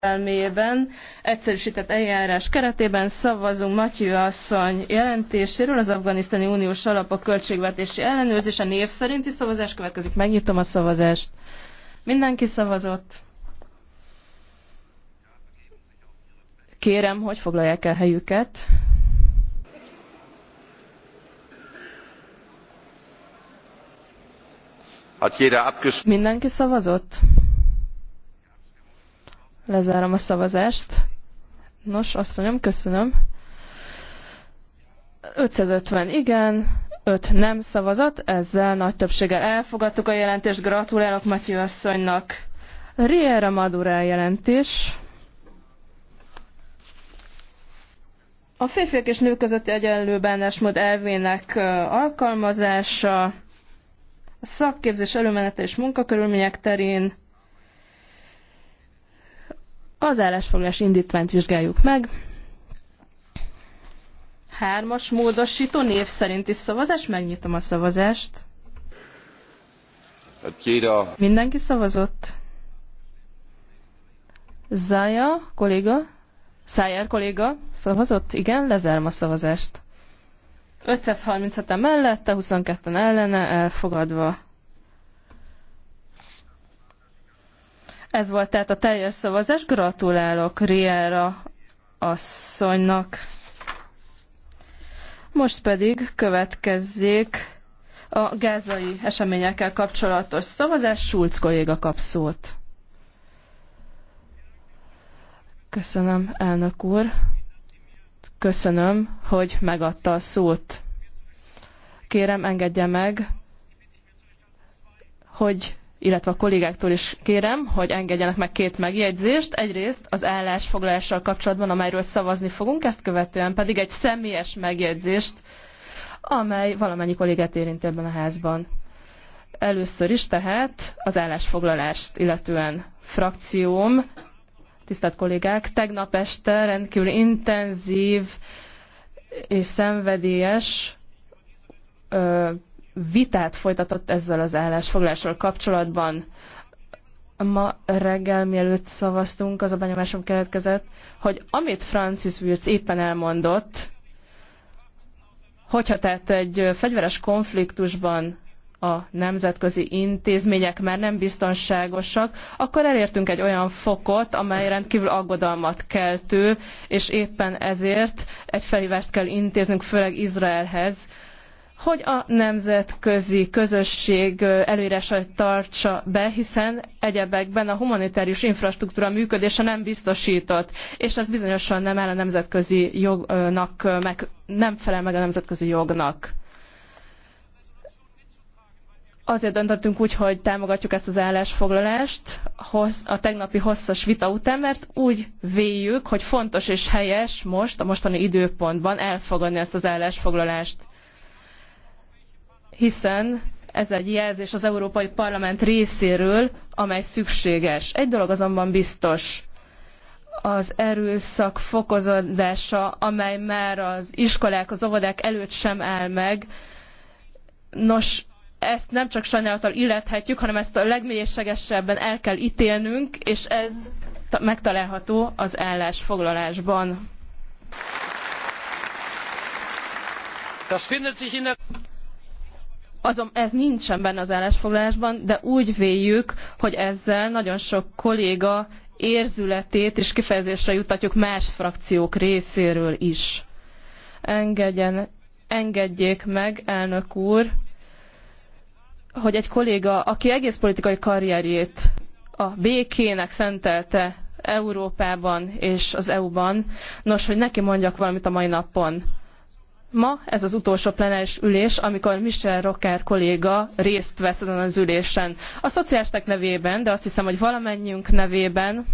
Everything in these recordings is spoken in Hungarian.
elmében egyszerűsített eljárás keretében szavazunk Matyő asszony jelentéséről az Afganisztáni Uniós a költségvetési ellenőrzése név szerinti szavazás következik. Megnyitom a szavazást. Mindenki szavazott. Kérem, hogy foglalják el helyüket. Hát Mindenki szavazott? Lezárom a szavazást. Nos, asszonyom, köszönöm. 550 igen, 5 nem szavazat, ezzel nagy többséggel elfogadtuk a jelentést. Gratulálok Matyő asszonynak. Riera Madura jelentés. A férfiak és nők közötti egyenlő bánásmód elvének alkalmazása, a szakképzés előmenete és munkakörülmények terén, az állásfoglalás indítványt vizsgáljuk meg. Hármas módosító név szerinti szavazás. Megnyitom a szavazást. Hát Mindenki szavazott? Zaja kolléga, Szájár kolléga szavazott? Igen, lezárom a szavazást. 537-en mellette, 22-en ellene, elfogadva. Ez volt tehát a teljes szavazás. Gratulálok Riera asszonynak. Most pedig következzék a gázai eseményekkel kapcsolatos szavazás. Schulz kolléga kap szót. Köszönöm, elnök úr. Köszönöm, hogy megadta a szót. Kérem, engedje meg, hogy illetve a kollégáktól is kérem, hogy engedjenek meg két megjegyzést. Egyrészt az állásfoglalással kapcsolatban, amelyről szavazni fogunk, ezt követően pedig egy személyes megjegyzést, amely valamennyi kollégát érint ebben a házban. Először is tehát az állásfoglalást, illetően frakcióm, tisztelt kollégák, tegnap este rendkívül intenzív és szenvedélyes vitát folytatott ezzel az állásfoglásról kapcsolatban. Ma reggel mielőtt szavaztunk, az a benyomásom keletkezett, hogy amit Francis Wirtz éppen elmondott, hogyha tehát egy fegyveres konfliktusban a nemzetközi intézmények már nem biztonságosak, akkor elértünk egy olyan fokot, amely rendkívül aggodalmat keltő, és éppen ezért egy felhívást kell intéznünk, főleg Izraelhez, hogy a nemzetközi közösség se tartsa be, hiszen egyebekben a humanitárius infrastruktúra működése nem biztosított, és ez bizonyosan nem áll a nemzetközi jognak, meg nem felel meg a nemzetközi jognak. Azért döntöttünk úgy, hogy támogatjuk ezt az állásfoglalást a tegnapi hosszas vita után, mert úgy véljük, hogy fontos és helyes most, a mostani időpontban elfogadni ezt az állásfoglalást hiszen ez egy jelzés az Európai Parlament részéről, amely szükséges. Egy dolog azonban biztos, az erőszak fokozódása, amely már az iskolák, az óvodák előtt sem áll meg. Nos, ezt nem csak sajnálattal illethetjük, hanem ezt a legmélységesebben el kell ítélnünk, és ez megtalálható az állásfoglalásban. Das findet sich in der azon ez nincsen benne az állásfoglalásban, de úgy véljük, hogy ezzel nagyon sok kolléga érzületét és kifejezésre juttatjuk más frakciók részéről is. Engedjen, engedjék meg, elnök úr, hogy egy kolléga, aki egész politikai karrierjét a békének szentelte Európában és az EU-ban, nos, hogy neki mondjak valamit a mai napon Ma ez az utolsó plenáris ülés, amikor Michel Rocker kolléga részt vesz ezen az ülésen. A szociálisták nevében, de azt hiszem, hogy valamennyiünk nevében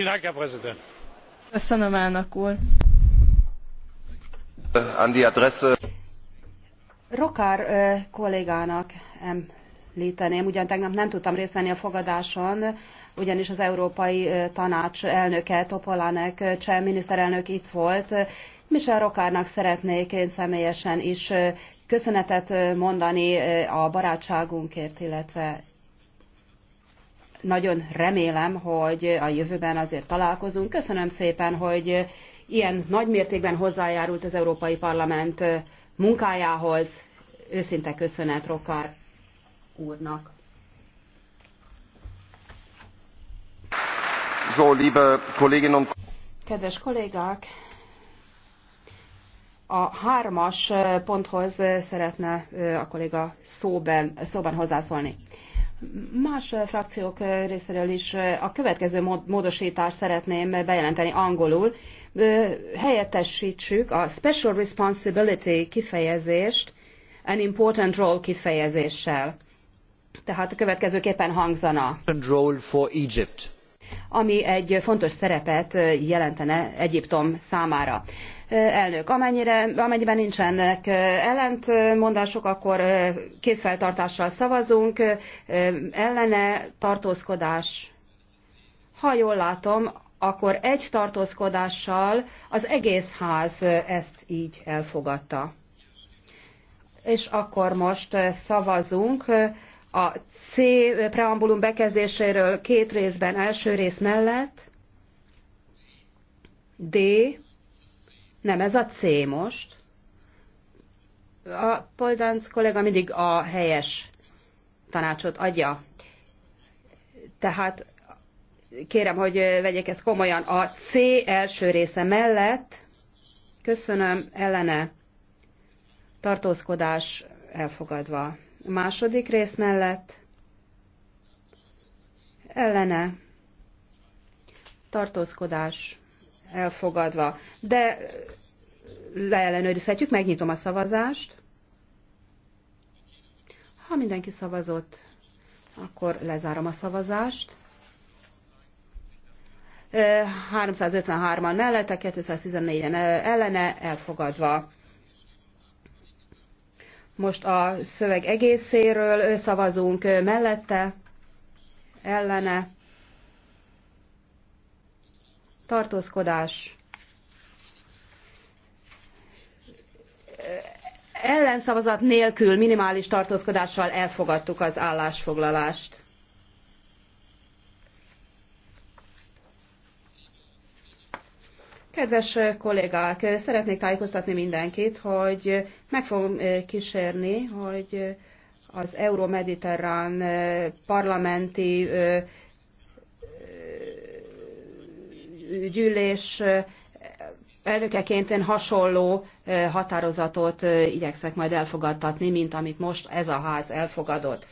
rocard úr. kollégának emlteném ugyan tegnap nem tudtam részt venni a fogadáson, ugyanis az Európai Tanács elnöke Topolánek cseh miniszterelnök itt volt. Michel Rokárnak szeretnék én személyesen is köszönetet mondani a barátságunkért, illetve nagyon remélem, hogy a jövőben azért találkozunk. Köszönöm szépen, hogy ilyen nagy mértékben hozzájárult az Európai Parlament munkájához. Őszinte köszönet Rokar úrnak. So, liebe Kolleginnen und Kedves kollégák, a hármas ponthoz szeretne a kolléga szóban, szóban hozzászólni. Más eh, frakciók eh, részéről is eh, a következő módosítást szeretném bejelenteni angolul. Helyettesítsük a Special Responsibility kifejezést an Important Role kifejezéssel. Tehát a következőképpen hangzana. Role for Egypt ami egy fontos szerepet jelentene Egyiptom számára. Elnök, amennyire, amennyiben nincsenek ellentmondások, akkor készfeltartással szavazunk, ellene tartózkodás. Ha jól látom, akkor egy tartózkodással az egész ház ezt így elfogadta. És akkor most szavazunk a C preambulum bekezdéséről két részben első rész mellett, D, nem ez a C most, a Poldánc kollega mindig a helyes tanácsot adja. Tehát kérem, hogy vegyék ezt komolyan. A C első része mellett, köszönöm, ellene tartózkodás elfogadva második rész mellett ellene tartózkodás elfogadva. De leellenőrizhetjük, megnyitom a szavazást. Ha mindenki szavazott, akkor lezárom a szavazást. 353-an mellette, 214-en ellene, elfogadva. Most a szöveg egészéről szavazunk mellette, ellene, tartózkodás, ellenszavazat nélkül minimális tartózkodással elfogadtuk az állásfoglalást. Kedves kollégák, szeretnék tájékoztatni mindenkit, hogy meg fogom eh, kísérni, hogy az Euró-Mediterrán eh, parlamenti eh, gyűlés elnökeként én hasonló határozatot igyekszek majd elfogadtatni, mint amit most ez a ház elfogadott.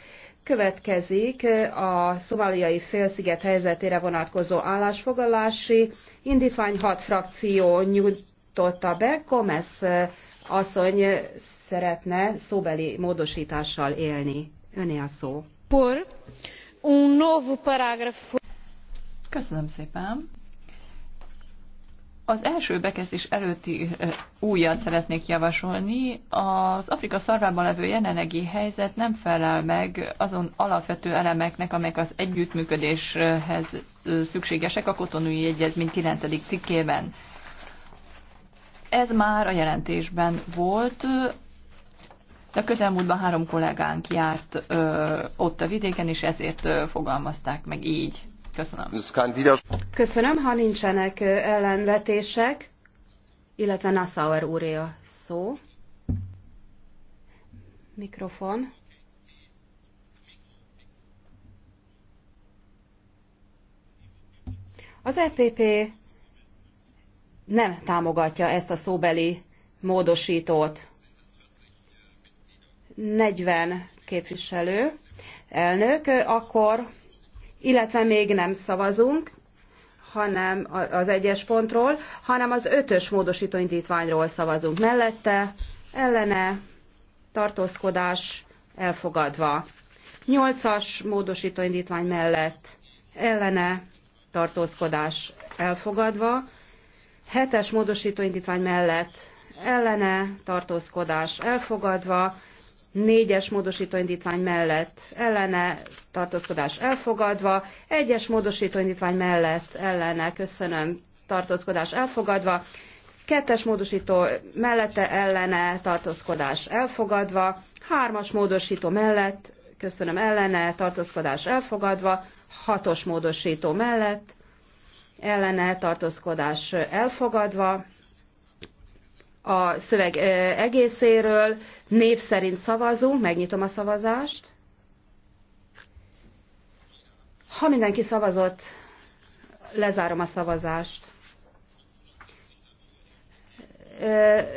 Következik a szomáliai félsziget helyzetére vonatkozó állásfoglalási indítvány hat frakció nyújtotta be, Gomez asszony szeretne szóbeli módosítással élni. Öné a szó. Por un novo parágrafo. Köszönöm szépen. Az első bekezdés előtti újat szeretnék javasolni. Az Afrika szarvában levő jelenlegi helyzet nem felel meg azon alapvető elemeknek, amelyek az együttműködéshez szükségesek a kotonui egyezmény 9. cikkében. Ez már a jelentésben volt, de a közelmúltban három kollégánk járt ö, ott a vidéken, és ezért ö, fogalmazták meg így. Köszönöm. Köszönöm, ha nincsenek ellenvetések, illetve Nassauer úré a szó. Mikrofon. Az EPP nem támogatja ezt a szóbeli módosítót. 40 képviselő, elnök, akkor illetve még nem szavazunk, hanem az egyes pontról, hanem az ötös módosítóindítványról szavazunk mellette, ellene, tartózkodás elfogadva. Nyolcas módosítóindítvány mellett ellene, tartózkodás elfogadva. Hetes módosítóindítvány mellett ellene, tartózkodás elfogadva négyes módosítóindítvány mellett ellene tartózkodás elfogadva, egyes módosítóindítvány mellett ellene köszönöm tartózkodás elfogadva, kettes módosító mellette ellene tartózkodás elfogadva, hármas módosító mellett köszönöm ellene tartózkodás elfogadva, hatos módosító mellett ellene tartózkodás elfogadva, a szöveg egészéről. Név szerint szavazunk, megnyitom a szavazást. Ha mindenki szavazott, lezárom a szavazást.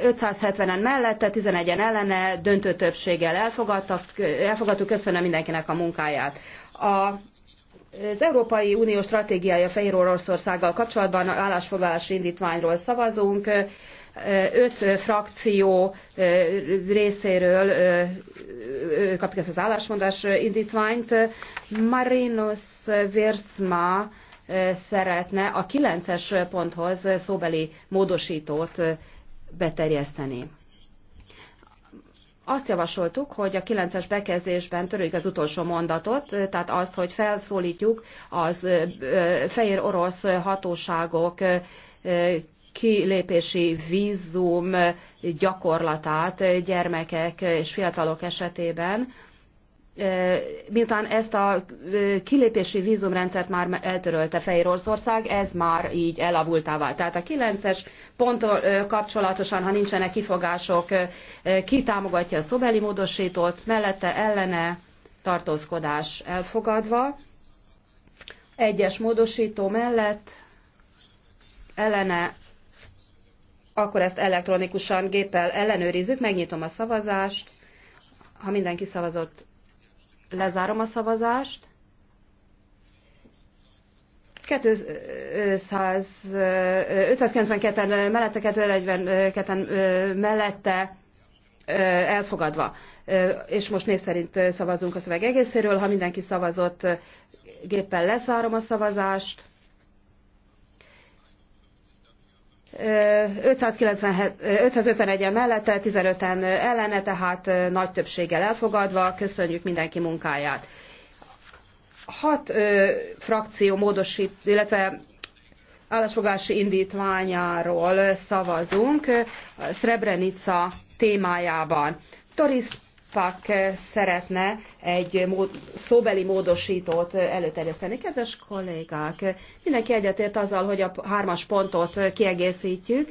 570-en mellette, 11-en ellene, döntő többséggel elfogadtuk. Köszönöm mindenkinek a munkáját. A az Európai Unió stratégiája Fehér Oroszországgal kapcsolatban állásfoglalási indítványról szavazunk öt frakció részéről kaptuk ezt az állásmondás indítványt. Marinus Virzma szeretne a 9-es ponthoz szóbeli módosítót beterjeszteni. Azt javasoltuk, hogy a 9-es bekezdésben törjük az utolsó mondatot, tehát azt, hogy felszólítjuk az fehér orosz hatóságok kilépési vízum gyakorlatát gyermekek és fiatalok esetében. Miután ezt a kilépési vízumrendszert már eltörölte Fehér ez már így elavultá vált. Tehát a 9-es ponttól kapcsolatosan, ha nincsenek kifogások, ki támogatja a szobeli módosítót, mellette ellene tartózkodás elfogadva. Egyes módosító mellett ellene akkor ezt elektronikusan géppel ellenőrizzük, megnyitom a szavazást. Ha mindenki szavazott, lezárom a szavazást. 592-en mellette, 242-en mellette elfogadva. És most név szerint szavazunk a szöveg egészéről. Ha mindenki szavazott, géppel leszárom a szavazást. 551-en mellette, 15-en ellene, tehát nagy többséggel elfogadva. Köszönjük mindenki munkáját. Hat ö, frakció módosít, illetve állásfogási indítványáról szavazunk Srebrenica témájában. Toris PAK eh, szeretne egy mód, szóbeli módosítót eh, előterjeszteni. Kedves kollégák, mindenki egyetért azzal, hogy a hármas pontot eh, kiegészítjük.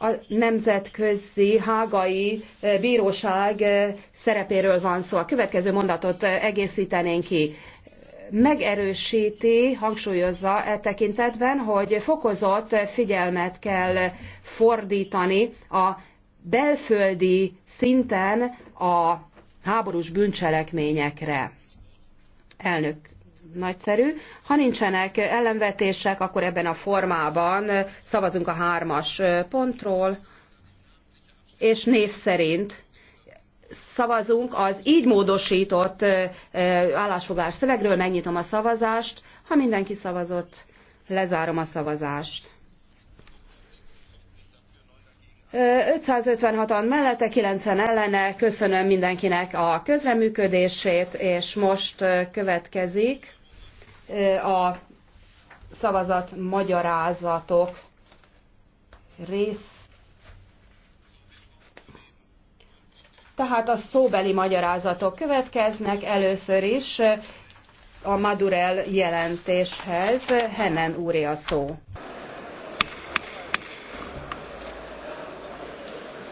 A nemzetközi hágai bíróság szerepéről van szó. A következő mondatot egészítenénk ki megerősíti, hangsúlyozza e tekintetben, hogy fokozott figyelmet kell fordítani a belföldi szinten a háborús bűncselekményekre. Elnök nagyszerű. Ha nincsenek ellenvetések, akkor ebben a formában szavazunk a hármas pontról, és név szerint szavazunk az így módosított állásfogás szövegről, megnyitom a szavazást. Ha mindenki szavazott, lezárom a szavazást. 556-an mellette, 90 ellene. Köszönöm mindenkinek a közreműködését, és most következik a szavazat magyarázatok rész. Tehát a szóbeli magyarázatok következnek először is a Madurell jelentéshez. Hennen úré a szó.